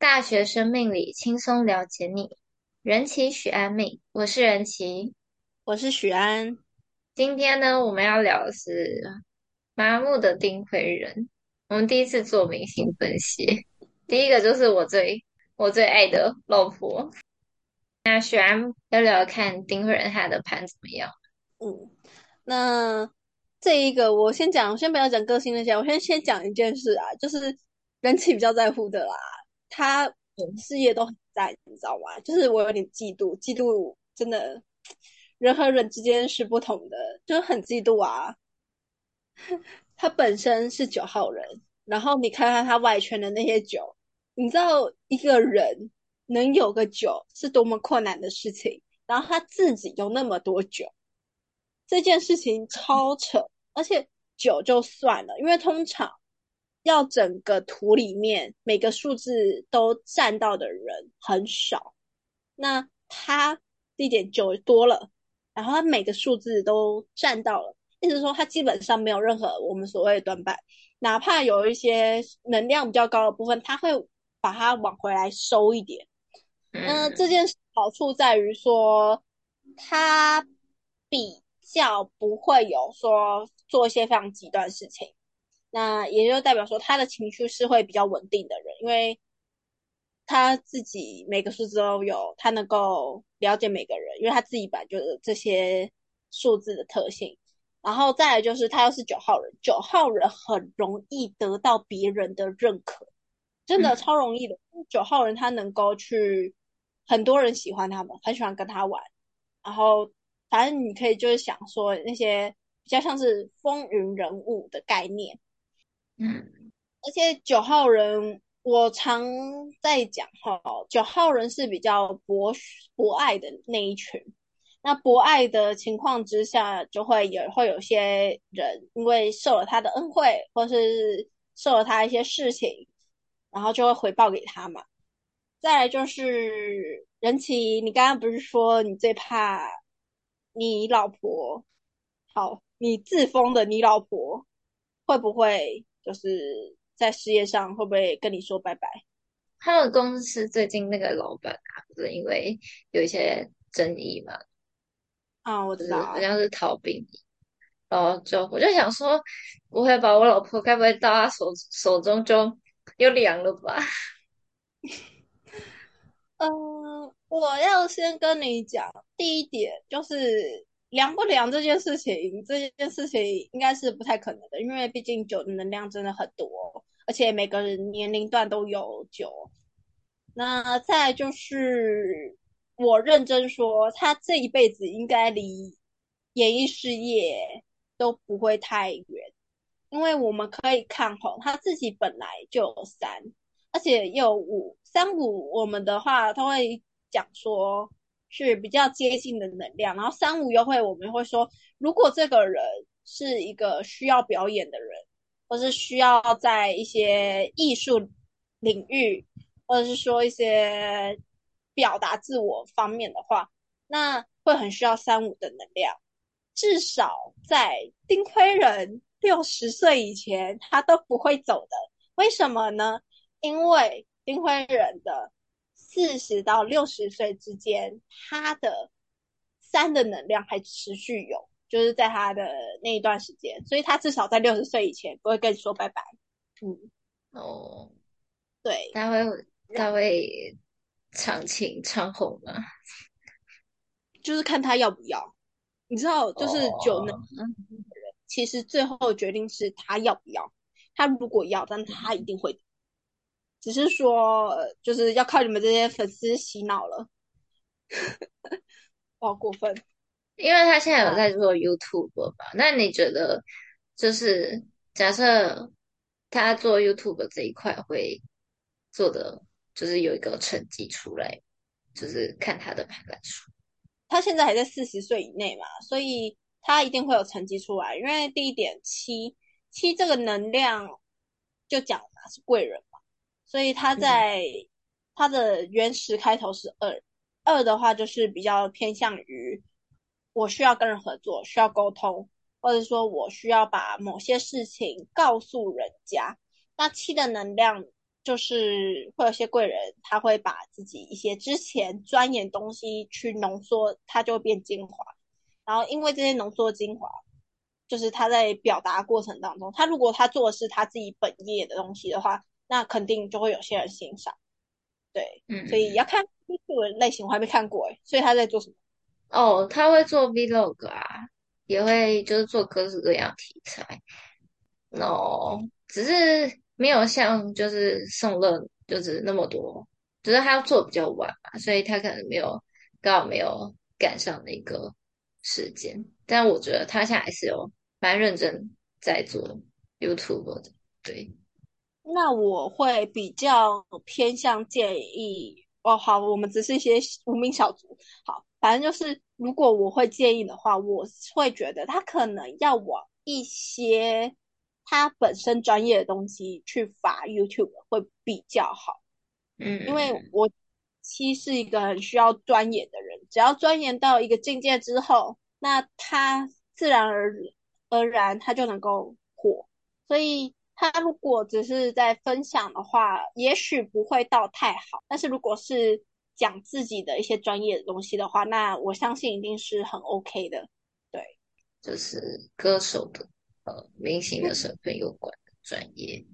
大學生命理輕鬆了解你，人奇、煦銨、蜜，我是人奇，我是煦銨。今天呢，我們要聊的是 Mamamoo 的丁輝人。我們第一次做明星分析，第一個就是我最我最愛的老婆。那煦銨要聊聊看丁輝人她的盤怎麼樣？嗯，那這一個我先講，我先不要講個性那些，我先先講一件事啊，就是人奇比較在乎的啦。他本事業都很在，你知道嗎？就是我有點嫉妒，嫉妒真的人和人之間是不同的，就是很嫉妒啊。 他本身是九號人，然後你看看他外圈的那些九，你知道一個人能有個九是多麼困難的事情，然後他自己有那麼多九，這件事情超扯。嗯、而且九就算了，因為通常。要整個圖裡面每個數字都佔到的人很少，那他地點就多了，然後他每個數字都佔到了，意思是說他基本上沒有任何我們所謂的短板，哪怕有一些能量比較高的部分，他會把它往回來收一點。嗯，那這件好處在於說，他比較不會有說做一些非常極端的事情。那也就代表說，他的情緒是會比較穩定的人，因為他自己每個數字都有，他能夠了解每個人，因為他自己本來就是這些數字的特性。然後再來就是，他又是九號人，九號人很容易得到別人的認可，真的超容易的。嗯、九號人他能夠去，很多人喜歡他們，很喜歡跟他玩。然後反正你可以就是想說，那些比較像是風雲人物的概念。嗯，而且九號人，我常在講哈、哦，九號人是比較博博愛的那一群。那博愛的情況之下，就會有會有些人因為受了他的恩惠，或是受了他一些事情，然後就會回報給他嘛。再來就是人奇，你剛剛不是說你最怕你老婆？好，你自封的你老婆會不會？就是在事業上會不會跟你說拜拜？他的公司最近那個老闆啊，不，就是因為有一些爭議嘛？啊，嗯，我知道，是好像是逃兵役。然後就我就想說，不會把我老婆該不會到他手手中就又涼了吧？嗯 呃，我要先跟你講，第一點就是。涼不涼，這件事情，這件事情應該是不太可能的，因為畢竟酒的能量真的很多，而且每個人年齡段都有酒。那再來就是，我認真說，他這一輩子應該離演藝事業都不會太遠，因為我們可以看齁，他自己本來就有三，而且有五，三五我們的話他會講說，是比較接近的能量，然後三五優惠我們會說，如果這個人是一個需要表演的人，或是需要在一些藝術領域，或者是說一些表達自我方面的話，那會很需要三五的能量。至少在丁輝人六十歲以前，他都不會走的。為什麼呢？因為丁輝人的。四十到六十歲之間，他的三的能量還持續有，就是在他的那一段時間，所以他至少在六十歲以前不會跟你說拜拜。嗯，哦，對，他會，他會長情長紅嗎？就是看他要不要，你知道，就是九能的人，哦，其實最後決定是他要不要。他如果要，但他一定會。嗯只是說，就是要靠你們這些粉絲洗腦了，不好。 過分。因為他現在有在做 YouTube 吧，啊、那你覺得，就是假設他做 YouTube 這一塊會做的，就是有一個成績出來，就是看他的排版書。他現在還在四十歲以內嘛，所以他一定會有成績出來。因為第一點，七七這個能量就講他是貴人。所以他在他的原始開頭是二，嗯、二的話就是比較偏向於我需要跟人合作，需要溝通，或者說我需要把某些事情告訴人家。那七的能量就是會有些貴人，他會把自己一些之前鑽研東西去濃縮，他就變精華。然後因為這些濃縮精華，就是他在表達過程當中，他如果他做的是他自己本業的東西的話。那肯定就會有些人欣賞，對，嗯，所以要看 YouTube 的、這個、類型，我還沒看過哎，所以他在做什麼？哦，他會做 vlog 啊，也會就是做各式各樣題材，no，只是沒有像就是頌樂就是那麼多，只、就是他要做比較晚嘛，所以他可能沒有剛好沒有趕上那個時間，但我覺得他現在還是有蠻認真在做 YouTube 的，對。那我會比較偏向建議哦。好，我們只是一些無名小卒。好，反正就是，如果我會建議的話，我會覺得他可能要往一些他本身專業的東西去發 YouTube 會比較好。嗯，因為我七是一個很需要鑽研的人，只要鑽研到一個境界之後，那他自然而然他就能夠火，所以。他如果只是在分享的話，也許不會到太好；但是如果是講自己的一些專業的東西的話，那我相信一定是很 OK 的。對，就是歌手的呃，明星的身份有關專業，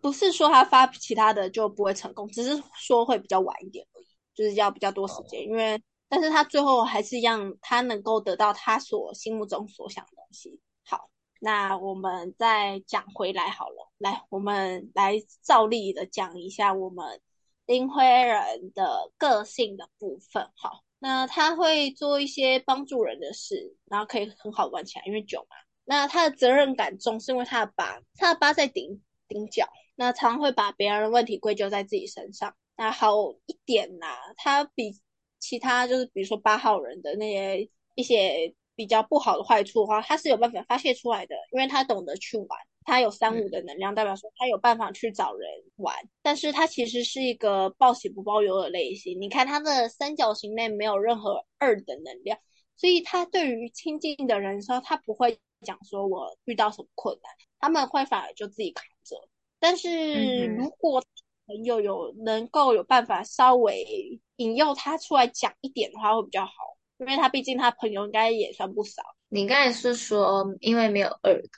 不是說他發其他的就不會成功，只是說會比較晚一點而已，就是要比較多時間。Oh. 因為，但是他最後還是一樣，他能夠得到他所心目中所想的東西。好。那我們再講回來好了，來，我們來照例的講一下我們丁輝人的個性的部分。好，那他會做一些幫助人的事，然後可以很好玩起來，因為九嘛。那他的責任感重，是因為他的八，他的八在頂頂角，那常常會把別人的問題歸咎在自己身上。那好有一點啦、啊，他比其他就是比如說八號人的那些一些。比較不好的壞處的話，他是有辦法發洩出來的，因為他懂得去玩，他有三五的能量，嗯，代表說他有辦法去找人玩。但是他其實是一個報喜不報憂的類型。你看他的三角形內沒有任何二的能量，所以他對於親近的人說，他不會講說我遇到什麼困難，他們會反而就自己扛着。但是如果朋友有，有能夠有辦法稍微引誘他出來講一點的話，會比較好。因為他畢竟他朋友應該也算不少。你剛才是說因為沒有二個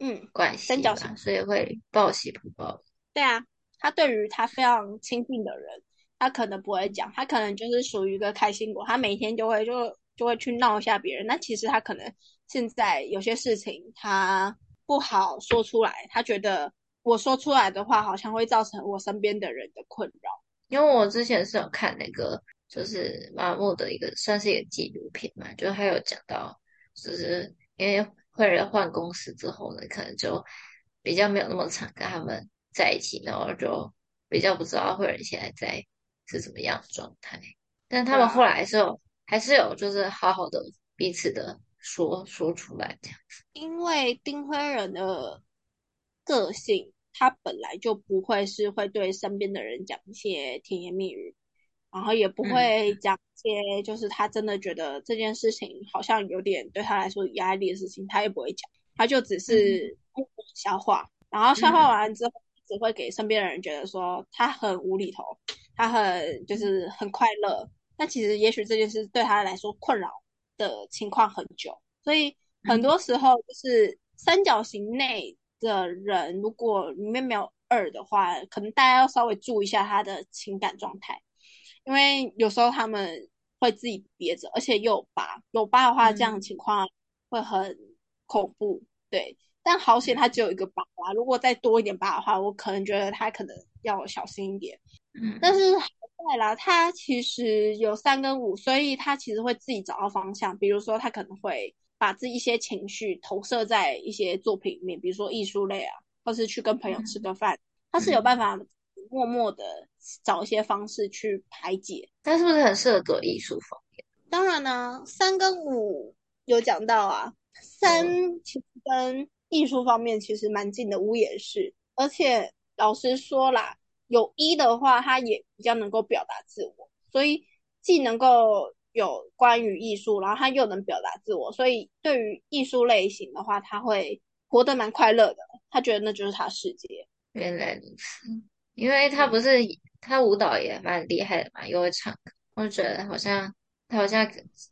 嗯，關係三角形，所以會報喜不報憂？對啊，他對於他非常親近的人，他可能不會講，他可能就是屬於一個開心果，他每天就會就就會去鬧一下別人。那其實他可能現在有些事情他不好說出來，他覺得我說出來的話好像會造成我身邊的人的困擾。因為我之前是有看那個。就是麻木的一個，算是一個紀錄片嘛。就還有講到，就是因為輝人換公司之後呢，可能就比較沒有那麼常，跟他們在一起，然後就比較不知道輝人現在在是怎麼樣的狀態。但他們後來的時候還是有，就是好好的彼此的說說出來這樣子。因為丁輝人的個性，他本來就不會是會對身邊的人講一些甜言蜜語。然後也不會講些，就是他真的覺得這件事情好像有點對他來說壓力的事情，嗯、他也不會講，他就只是消化。嗯、然後消化完之後，嗯、只會給身邊的人覺得說他很無厘頭，嗯、他很就是很快樂。嗯、但其實也許這件事對他來說困擾的情況很久，所以很多時候就是三角形內的人，嗯、如果裡面沒有二的話，可能大家要稍微注意一下他的情感狀態。因為有時候他們會自己憋着而且又有疤，有疤的話，這樣情況會很恐怖，嗯、對。但好險他只有一個疤啦、啊，如果再多一點疤的話，我可能覺得他可能要小心一點。嗯，但是好在啦，他其實有三跟五，所以他其實會自己找到方向。比如說，他可能會把自己一些情緒投射在一些作品裡面，比如說藝術類啊，或是去跟朋友吃個飯，嗯、他是有辦法默默的找一些方式去排解，但是不是很適合做藝術方面？當然呢、啊，三跟五有講到啊，三其實跟藝術方面其實蠻近的，五也是。而且老實說啦，有一的話，他也比較能夠表達自我，所以既能夠有關於藝術，然後他又能表達自我，所以對於藝術類型的話，他會活得蠻快樂的。他覺得那就是他世界。原來如此。因為他不是，他舞蹈也蠻厲害的嘛，又會唱歌，我覺得好像他好像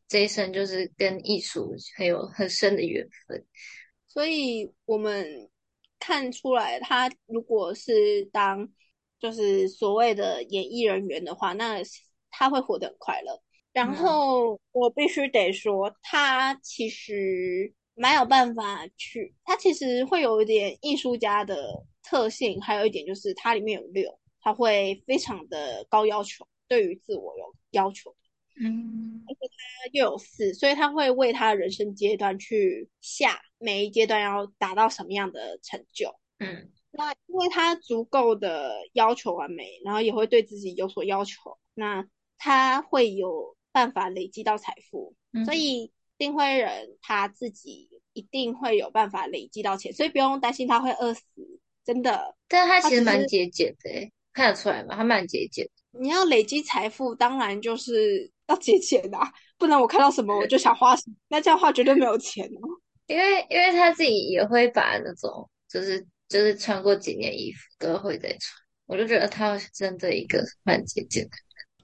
這一生就是跟藝術很有很深的緣分，所以我們看出來，他如果是當就是所謂的演藝人員的話，那他會活得很快樂。然後我必須得說，他其實蠻有辦法去，他其實會有一點藝術家的。特性還有一點就是，它裡面有六，他會非常的高要求，對於自我有要求，嗯，而且他又有四，所以他會為他的人生階段去下每一階段要達到什麼樣的成就，嗯，那因為他足夠的要求完美，然後也會對自己有所要求，那他會有辦法累積到財富，嗯，所以丁輝人他自己一定會有辦法累積到錢，所以不用擔心他會餓死。真的，但是他其實蠻節儉的，就是、看得出來嘛，他蠻節儉。你要累積財富，當然就是要節儉的、啊。不能我看到什麼我就想花什麼，對那這樣花絕對沒有錢哦、啊。因為，因為他自己也會把那種，就是就是穿過幾年衣服都會再穿，我就覺得他是真的一個蠻節儉的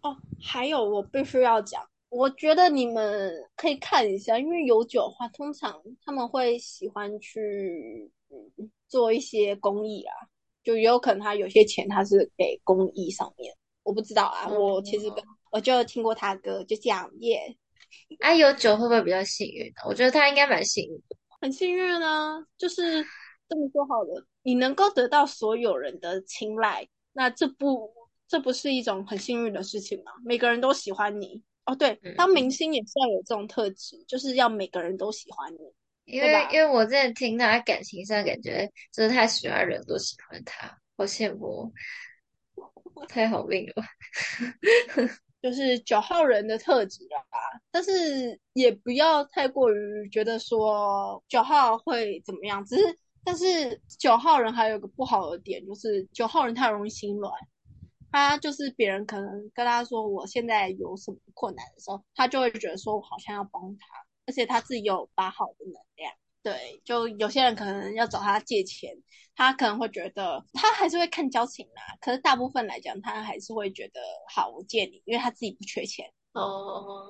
哦，還有我必須要講，我覺得你們可以看一下，因為有酒的話，通常他們會喜歡去。嗯做一些公益啊，就也有可能他有些錢他是給公益上面，我不知道啊。我其實、嗯、我就聽過他歌，就這樣耶。那、yeah 啊、有酒會不會比較幸運？我覺得他應該蠻幸運的，很幸運呢、啊。就是這麼說好了，你能夠得到所有人的青睞，那這不這不是一種很幸運的事情嗎？每個人都喜歡你哦。對，當明星也是要有這種特質，嗯、就是要每個人都喜歡你。因為吧因為我在聽他感情上感覺就是他喜歡人 都喜歡他，好羨慕，太好命了， 就是九號人的特質了吧。但是也不要太過於覺得說九號會怎麼樣，只是但是九號人還有一個不好的點就是九號人太容易心軟，他就是別人可能跟他說我現在有什麼困難的時候，他就會覺得說我好像要幫他。而且他自己有把好的能量，對，就有些人可能要找他借錢，他可能會覺得他還是會看交情啦。可是大部分來講，他還是會覺得好，我借你，因為他自己不缺錢。哦，oh.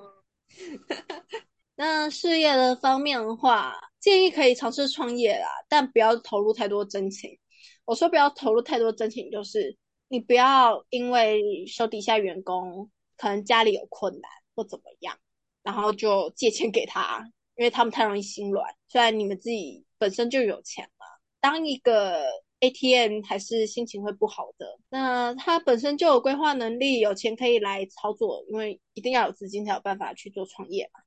那事業的方面的話，建議可以嘗試創業啦，但不要投入太多真情。我說不要投入太多真情，就是你不要因為手底下員工可能家裡有困難或怎麼樣。然後就借錢給他，因為他們太容易心軟。雖然你們自己本身就有錢嘛，當一個 ATM 還是心情會不好的。那他本身就有規劃能力，有錢可以來操作，因為一定要有資金才有辦法去做創業嘛。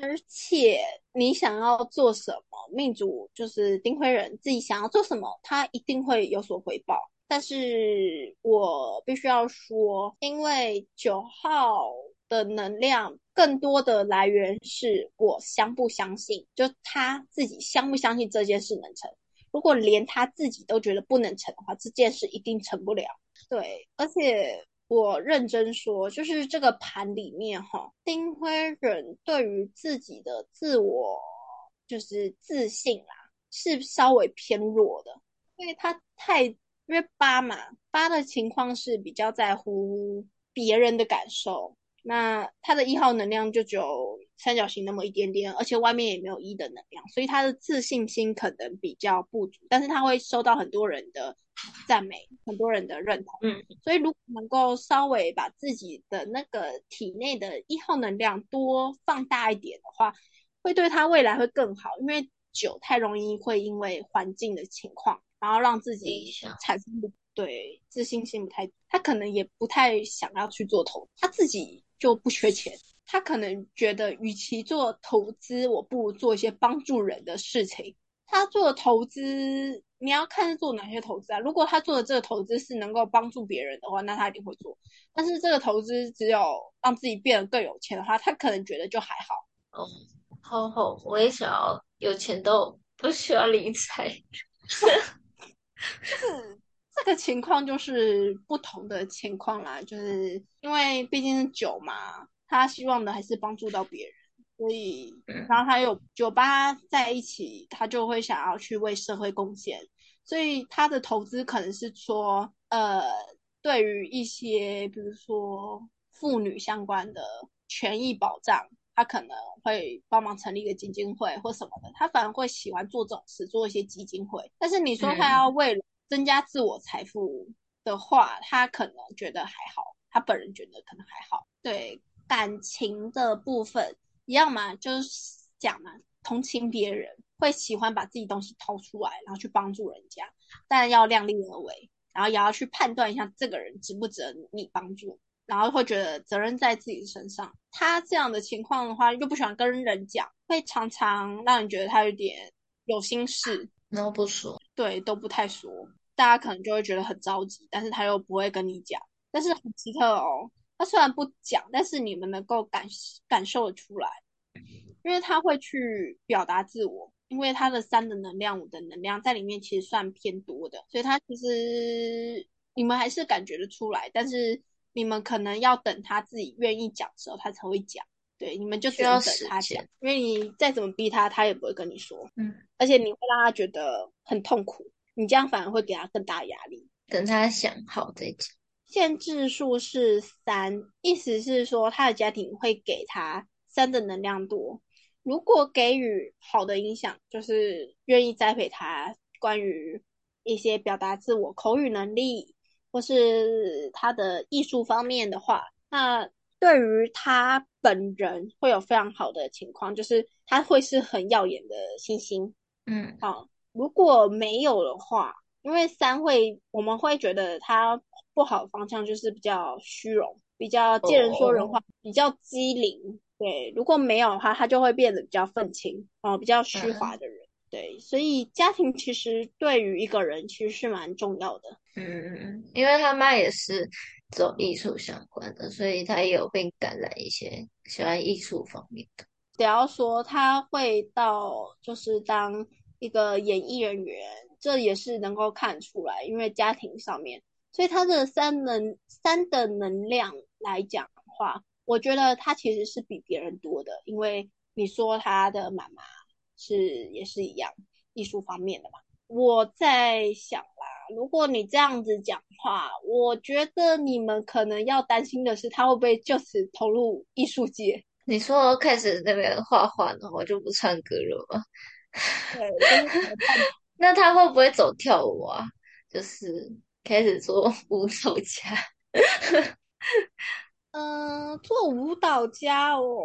而且你想要做什麼，命主就是丁輝人自己想要做什麼，他一定會有所回報。但是我必須要說，因為九號的能量。更多的來源是我相不相信，就他自己相不相信這件事能成。如果連他自己都覺得不能成的話，這件事一定成不了。對，而且我認真說，就是這個盤裡面哈，丁輝人對於自己的自我就是自信啦，是稍微偏弱的，因為他太因為八嘛，八的情況是比較在乎別人的感受。那他的一號能量就只有三角形那麼一點點，而且外面也沒有一的能量，所以他的自信心可能比較不足。但是他會受到很多人的讚美，很多人的認同。嗯，所以如果能夠稍微把自己的那個體內的一號能量多放大一點的話，會對他未來會更好。因為九太容易會因為環境的情況，然後讓自己產生不對、嗯、自信心不太，他可能也不太想要去做投資，他自己。就不缺錢，他可能覺得與其做投資，我不如做一些幫助人的事情。他做投資，你要看是做哪些投資啊？如果他做的這個投資是能夠幫助別人的話，那他一定會做。但是這個投資只有讓自己變得更有錢的話，他可能覺得就還好。哦，好好，我也想要有錢，都不需要理財。 情況就是不同的情況啦，就是因為畢竟是九嘛，他希望的還是幫助到別人，所以然後還有九八在一起，他就會想要去為社會貢獻，所以他的投資可能是說，呃，對於一些比如說婦女相關的權益保障，他可能會幫忙成立一個基金會或什麼的，他反而會喜歡做這種事，做一些基金會。但是你說他要為了。增加自我財富的話，他可能覺得還好，他本人覺得可能還好。對感情的部分一樣嘛，就是講嘛，同情別人會喜歡把自己東西掏出來，然後去幫助人家，但要量力而為，然後也要去判斷一下這個人值不值得你幫助，然後會覺得責任在自己身上。他這樣的情況的話，又不喜歡跟人講，會常常讓你覺得他有點有心事，然後不說，對，都不太說。大家可能就會覺得很着急，但是他又不會跟你講，但是很奇特哦。他雖然不講，但是你們能夠感感受得出來，因為他會去表達自我，因為他的三的能量、五的能量在裡面其實算偏多的，所以他其實你們還是感覺得出來，但是你們可能要等他自己願意講的時候，他才會講。對，你們就只能等他講，因為你再怎麼逼他，他也不會跟你說。嗯，而且你會讓他覺得很痛苦。你這樣反而會給他更大壓力。等他想好再講。限制數是三，意思是說他的家庭會給他三的能量多。如果給予好的影響，就是願意栽培他關於一些表達自我、口語能力或是他的藝術方面的話，那對於他本人會有非常好的情況，就是他會是很耀眼的星星。嗯，好。如果沒有的話，因為三會我們會覺得他不好的方向就是比較虛榮，比較見人說人話，oh. 比較機靈。對，如果沒有的話，他就會變得比較憤青哦，比較虛華的人。嗯、對，所以家庭其實對於一個人其實是蠻重要的。嗯，因為他媽也是走藝術相關的，所以他也有會感染一些喜歡藝術方面的。只要說他會到，就是當。一個演藝人員，這也是能夠看出來，因為家庭上面，所以他的三能三的能量來講的話，我覺得他其實是比別人多的，因為你說他的媽媽是也是一樣藝術方面的嘛。我在想啦，如果你這樣子講話，我覺得你們可能要擔心的是，他會不會就此投入藝術界？你說開始在那邊畫畫呢，我就不唱歌了嗎？對， 那他會不會走跳舞啊？就是開始做舞手家？ 嗯、呃，做舞蹈家哦，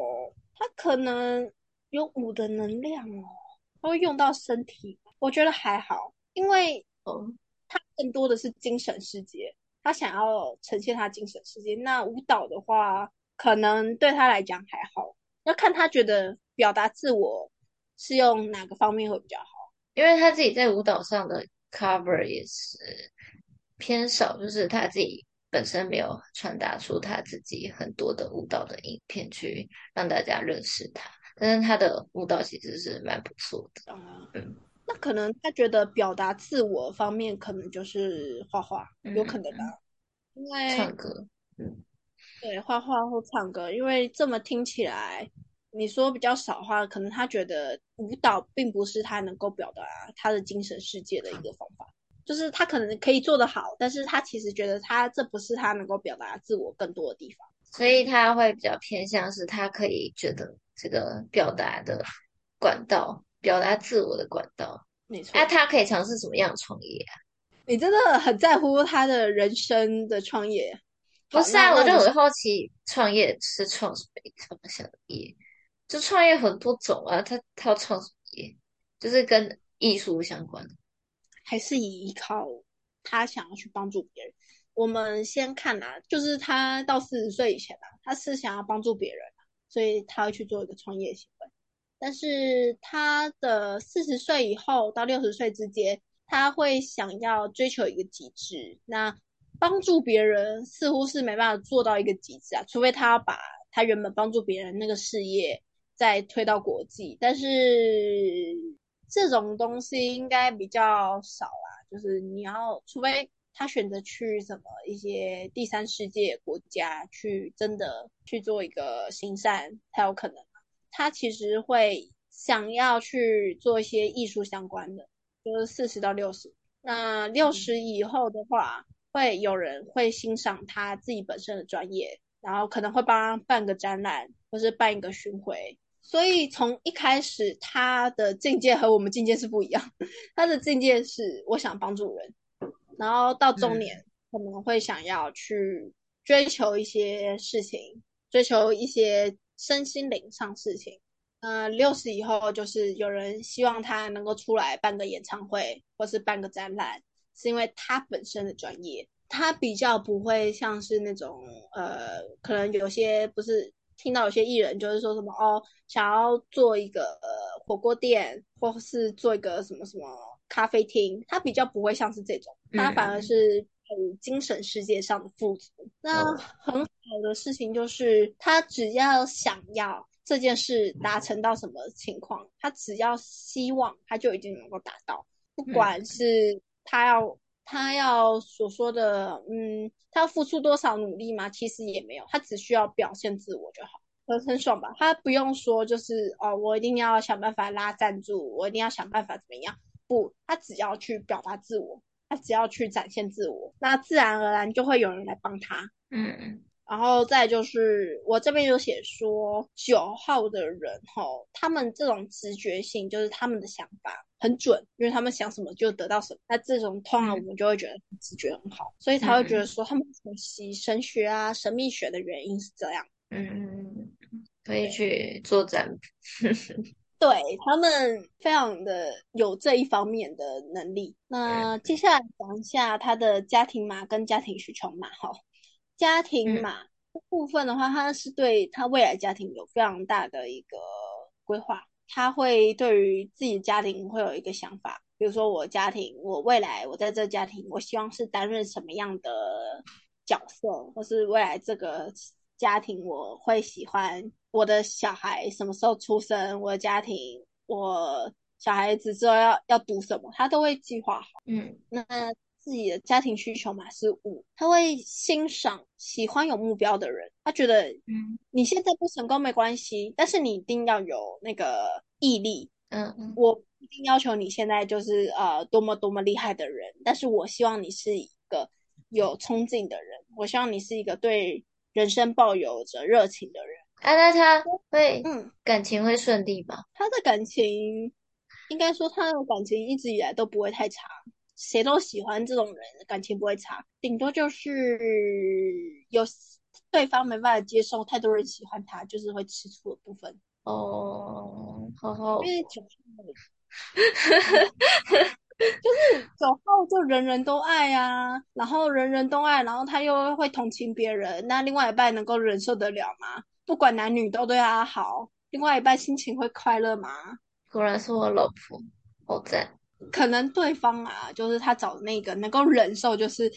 他可能有舞的能量哦，他會用到身體，我覺得還好，因為嗯，他更多的是精神世界，他想要呈現他精神世界。那舞蹈的話，可能對他來講還好，要看他覺得表達自我。是用哪個方面會比較好？因為他自己在舞蹈上的 cover 也是偏少，就是他自己本身沒有傳達出他自己很多的舞蹈的影片去讓大家認識他。但是他的舞蹈其實是蠻不錯的啊。嗯，嗯，那可能他覺得表達自我方面，可能就是畫畫，有可能吧？嗯嗯、因為唱歌，嗯、對，畫畫或唱歌，因為這麼聽起來。你說比較少的話，可能他覺得舞蹈並不是他能夠表達他的精神世界的一個方法,就是他可能可以做得好，但是他其實覺得他這不是他能夠表達自我更多的地方，所以他會比較偏向是他可以覺得這個表達的管道，表達自我的管道，沒錯。那他可以嘗試什麼樣的創業啊？你真的很在乎他的人生的創業？不是啊。那我就很好奇，創業是創什麼創業？就創業很多種啊，他他要創業，就是跟藝術相關，還是以依靠他想要去幫助別人。我們先看啊，就是他到四十歲以前啊，他是想要幫助別人啊，所以他會去做一個創業行為。但是他的四十歲以後到六十歲之間，他會想要追求一個極致。那幫助別人似乎是沒辦法做到一個極致啊，除非他要把他原本幫助別人那個事業。再推到國際，但是這種東西應該比較少啦、啊。就是你要，除非他選擇去什麼一些第三世界國家去，真的去做一個行善才有可能。他其實會想要去做一些藝術相關的，就是四十到六十。那六十以後的話，嗯、會有人會欣賞他自己本身的專業，然後可能會幫他辦個展覽，或是辦一個巡迴。所以從一開始，他的境界和我們境界是不一樣。他的境界是我想幫助人，然後到中年，我們會想要去追求一些事情，追求一些身心靈上事情。那六十以後，就是有人希望他能夠出來辦個演唱會，或是辦個展覽，是因為他本身的專業，他比較不會像是那種呃，可能有些不是。聽到有些藝人就是說什麼哦，想要做一個呃火鍋店，或是做一個什麼什麼咖啡廳，他比較不會像是這種，他反而是很精神世界上的富足。嗯、那很好的事情就是，他只要想要這件事達成到什麼情況，他只要希望，他就已經能夠達到，不管是他要。他要所說的，嗯，他要付出多少努力嘛？其實也沒有，他只需要表現自我就好，很很爽吧？他不用說，就是哦，我一定要想辦法拉贊助，我一定要想辦法怎麼樣？不，他只要去表達自我，他只要去展現自我，那自然而然就會有人來幫他。嗯。然後再就是，我這邊就寫說九號的人哈、哦，他們這種直覺性就是他們的想法很準，因為他們想什麼就得到什麼。那這種通常我們就會覺得直覺很好，嗯、所以他會覺得說他們學習神學啊、神秘學的原因是這樣。嗯，可以去作證，對他們非常的有這一方面的能力。那接下來講一下他的家庭碼，跟家庭需求碼，哈、哦。家庭嘛、嗯、部分的話，他是對他未來家庭有非常大的一個規劃。他會對於自己的家庭會有一個想法，比如說我家庭，我未來我在這個家庭，我希望是擔任什麼樣的角色，或是未來這個家庭，我會喜歡我的小孩什麼時候出生，我的家庭，我小孩子之後要要讀什麼，他都會計劃好。嗯，那。自己的家庭需求嘛是五，他會欣賞喜歡有目標的人，他覺得嗯，你現在不成功沒關係，嗯、但是你一定要有那個毅力，嗯嗯，我不一定要求你現在就是呃多麼多麼厲害的人，但是我希望你是一個有衝勁的人，我希望你是一個對人生抱有着熱情的人。啊，那他會嗯，感情會順利嗎？他的感情，應該說他的感情一直以來都不會太差。誰都喜歡這種人，感情不會差，頂多就是有對方沒辦法接受太多人喜歡他，就是會吃醋的部分。哦、oh, oh, oh.，九號，就是九號就人人都愛啊，然後人人都愛，然後他又會同情別人，那另外一半能夠忍受得了嗎？不管男女都對他好，另外一半心情會快樂嗎？果然是我老婆，好讚。可能對方啊，就是他找的那個能夠忍受，就是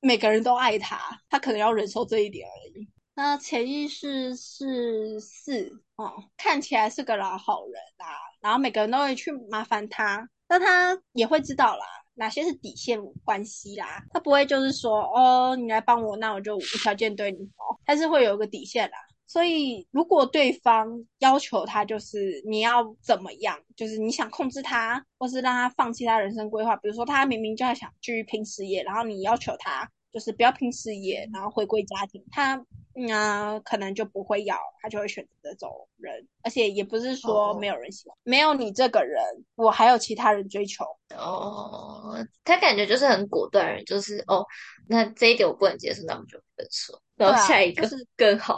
每個人都愛他，他可能要忍受這一點而已。那潛意識是四哦，看起來是個老好人啊，然後每個人都會去麻煩他，但他也會知道啦，哪些是底線關係啦，他不會就是說哦，你來幫我，那我就無條件對你哦，他是會有一個底線啦。所以，如果對方要求他，就是你要怎麼樣，就是你想控制他，或是讓他放棄他人生規劃，比如說他明明就要想去拼事業，然後你要求他就是不要拼事業，然後回歸家庭，他嗯、呃、可能就不會要，他就會選擇走人。而且也不是說沒有人喜歡，哦、沒有你這個人，我還有其他人追求。哦，他感覺就是很果斷人，就是哦，那這一點我不能接受，那我們就分手。然後下一個、啊，就是更好，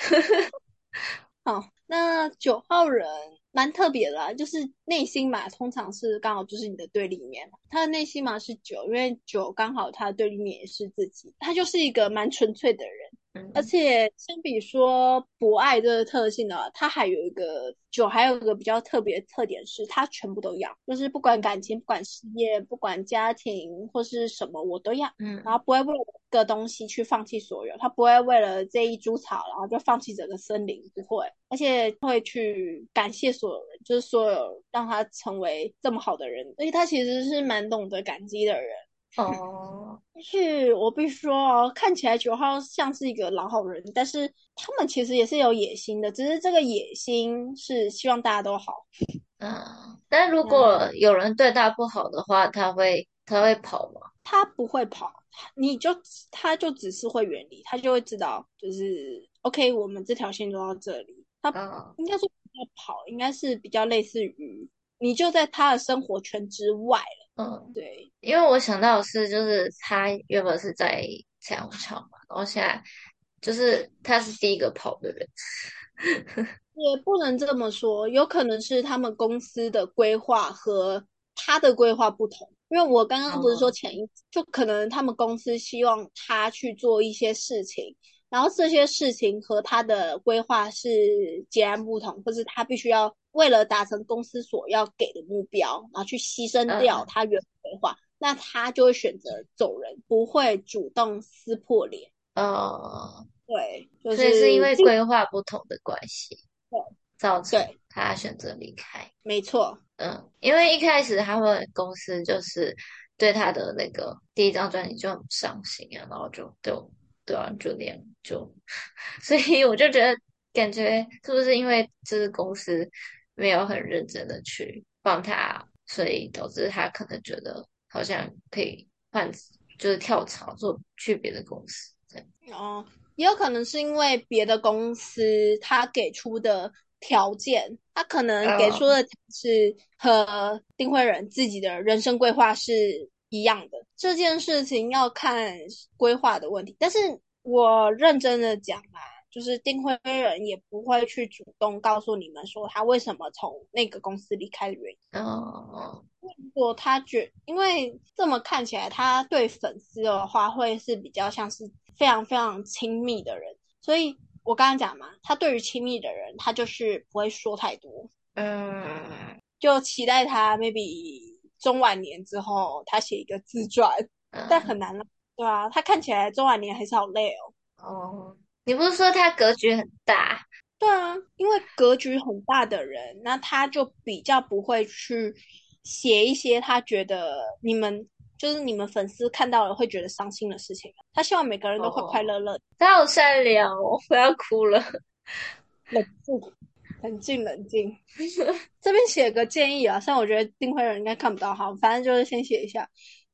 好，那九號人蠻特別的啦，就是內心嘛，通常是剛好就是你的對立面，他的內心嘛是九，因為九剛好他的對立面也是自己，他就是一個蠻純粹的人。而且相比說博愛這個特性呢，他還有一個就還有一個比較特別的特點是，他全部都要，就是不管感情、不管事業、不管家庭或是什麼，我都要。嗯，然後不會為了一個東西去放棄所有，他不會為了這一株草，然後就放棄整個森林，不會。而且會去感謝所有人，就是所有讓他成為這麼好的人，所以他其實是蠻懂得感激的人。哦，但是、oh. 我必須說哦，看起來九號像是一個老好人，但是他們其實也是有野心的，只是這個野心是希望大家都好。嗯，uh, 但如果有人對他不好的話，uh, 他會他會跑嗎？他不會跑，你就他就只是會遠離，他就會知道，就是 OK，我們這條線就到這裡，他應該說不會跑，應該是比較類似於你就在他的生活圈之外了。嗯，對，因為我想到的是，就是他原本是在彩虹橋嘛，然後現在就是他是第一個跑的人，也不能這麼說，有可能是他們公司的規劃和他的規劃不同，因為我剛剛不是說前一、oh. 就可能他們公司希望他去做一些事情。然後這些事情和他的規劃是截然不同，或、就是他必須要為了達成公司所要給的目標，然後去犧牲掉他原本規劃，嗯、那他就會選擇走人，不會主動撕破臉。哦、嗯，對，就是、所以是因為規劃不同的關係，對，造成他選擇離開。沒錯，嗯，因為一開始他們公司就是對他的那個第一張專輯就很傷心啊，然後就對。對啊，就那樣，就所以我就覺得，感覺是不是因為這個公司沒有很認真的去幫他，所以導致他可能覺得好像可以換，就是跳槽做去別的公司這樣。哦，也有可能是因為別的公司他給出的條件，他可能給出的條件是和丁輝人自己的人生規劃是。一樣的，這件事情要看規劃的問題，但是我認真的講嘛、啊，就是丁輝人也不會去主動告訴你們說他為什麼從那個公司離開的原因。嗯，oh. 如果他覺，因為這麼看起來他對粉絲的話會是比較像是非常非常親密的人，所以我剛剛講嘛，他對於親密的人，他就是不會說太多。Oh. 嗯，就期待他 maybe。中晚年之後，他寫一個自傳，嗯、但很難了。對啊，他看起來中晚年還是好累哦。哦，你不是說他格局很大？對啊，因為格局很大的人，那他就比較不會去寫一些他覺得你們就是你們粉絲看到了會覺得傷心的事情。他希望每個人都快快樂樂。哦。他好善良哦！我不要哭了。 冷靜，冷靜。 這邊寫個建議啊，雖然我覺得丁輝人應該看不到哈，反正就是先寫一下。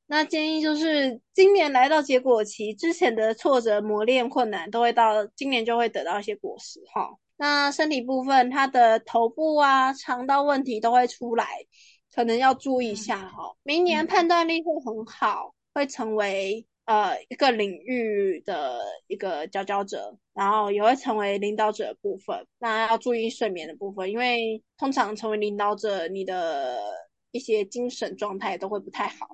那建議就是今年來到結果期，之前的挫折、磨練、困難都會到今年就會得到一些果實哈。那身體部分，他的頭部啊、腸道問題都會出來，可能要注意一下哈。齁。嗯。明年判斷力會很好，會成為。呃，一個領域的一個佼佼者，然後也會成為領導者的部分。那要注意睡眠的部分，因為通常成為領導者，你的一些精神狀態都會不太好，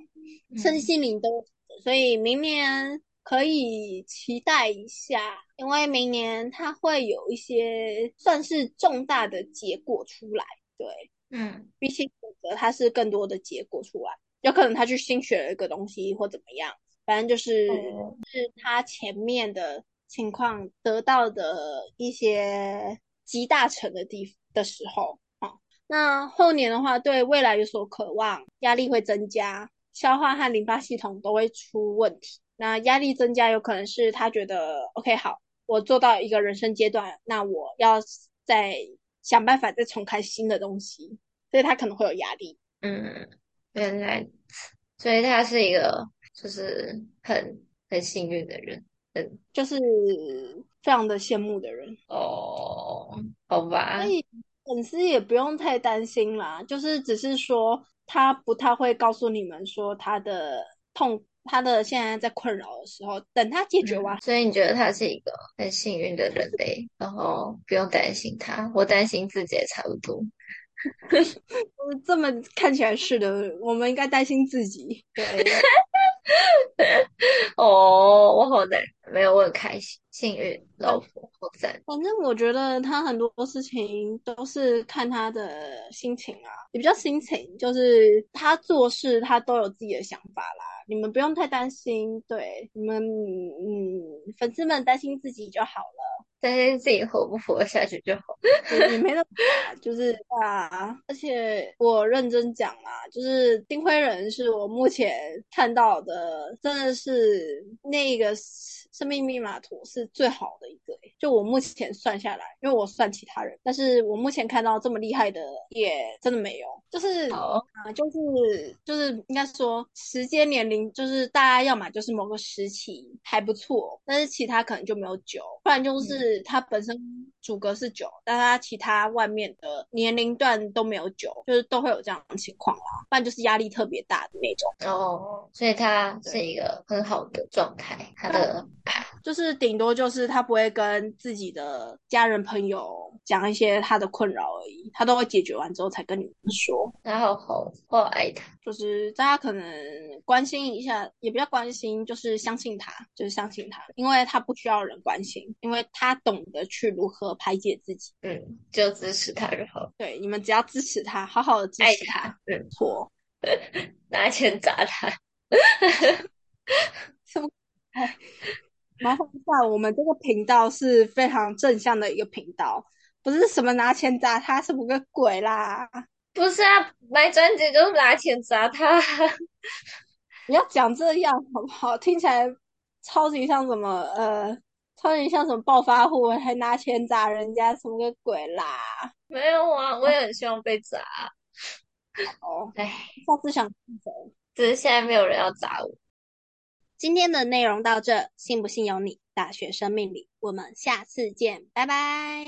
身心靈都。嗯，所以明年可以期待一下，因為明年他會有一些算是重大的結果出來。對，嗯，畢竟選擇他是更多的結果出來，有可能他去新學了一個東西或怎麼樣。反正就是、嗯、是他前面的情況得到的一些集大成的地的時候啊、嗯，那後年的話，對未來有所渴望，壓力會增加，消化和淋巴系統都會出問題。那壓力增加，有可能是他覺得 OK 好，我做到一個人生階段，那我要再想辦法再重開新的東西，所以他可能會有壓力。嗯，原來，所以他是一個。就是很很幸運的人，很、嗯、就是非常的羨慕的人哦，好吧。所以粉絲也不用太擔心啦，就是只是說他不太會告訴你們說他的痛，他的現在在困擾的時候，等他解決完、嗯。所以你覺得他是一個很幸運的人類，然後不用擔心他，我擔心自己也差不多。 這麼看起來是的，我們應該擔心自己。對。 哦， oh, 我好累，沒有，我很開心，幸運，老婆好讚。反正我覺得他很多事情都是看他的心情啊，也比較心情，就是他做事他都有自己的想法啦，你們不用太擔心，對，你們，嗯，粉絲們擔心自己就好了。但是自己活不活下去就好， 也沒那麼怕，就是啊，而且我認真講啊，就是丁輝人是我目前看到的，真的是那個生命密碼圖是最好的一個，欸。就我目前算下來，因為我算其他人，但是我目前看到這麼厲害的也真的沒有。就是好啊，就是就是應該說時間年齡，就是大家要麼就是某個時期還不錯，但是其他可能就沒有久，不然就是，嗯。他本身主格是九，但他其他外面的年齡段都沒有九，就是都會有這樣的情況啦，不然就是壓力特別大的那種。哦，所以他是一個很好的狀態，對他的他就是頂多就是他不會跟自己的家人朋友講一些他的困擾而已。他都會解決完之後才跟你們說，然後好好愛他，就是大家可能關心一下，也不要關心，就是相信他，就是相信他，因為他不需要人關心，因為他懂得去如何排解自己。嗯，就支持他然後，對，你們只要支持他，好好的支持他，他嗯，錯， 拿錢砸他。什 哎，麻煩一下，我們這個頻道是非常正向的一個頻道。不是什麼拿錢砸他，什麼個鬼啦？不是啊，買專輯就是拿錢砸他。 你要講這樣好不好？聽起來超級像什麼，呃，超級像什麼暴發戶，還拿錢砸人家，什麼個鬼啦？沒有啊，我也很希望被砸。哦，哎 唉，下次想砸，只是現在沒有人要砸我。今天的內容到這，信不信由你。大學生命裡，我們下次見，拜拜。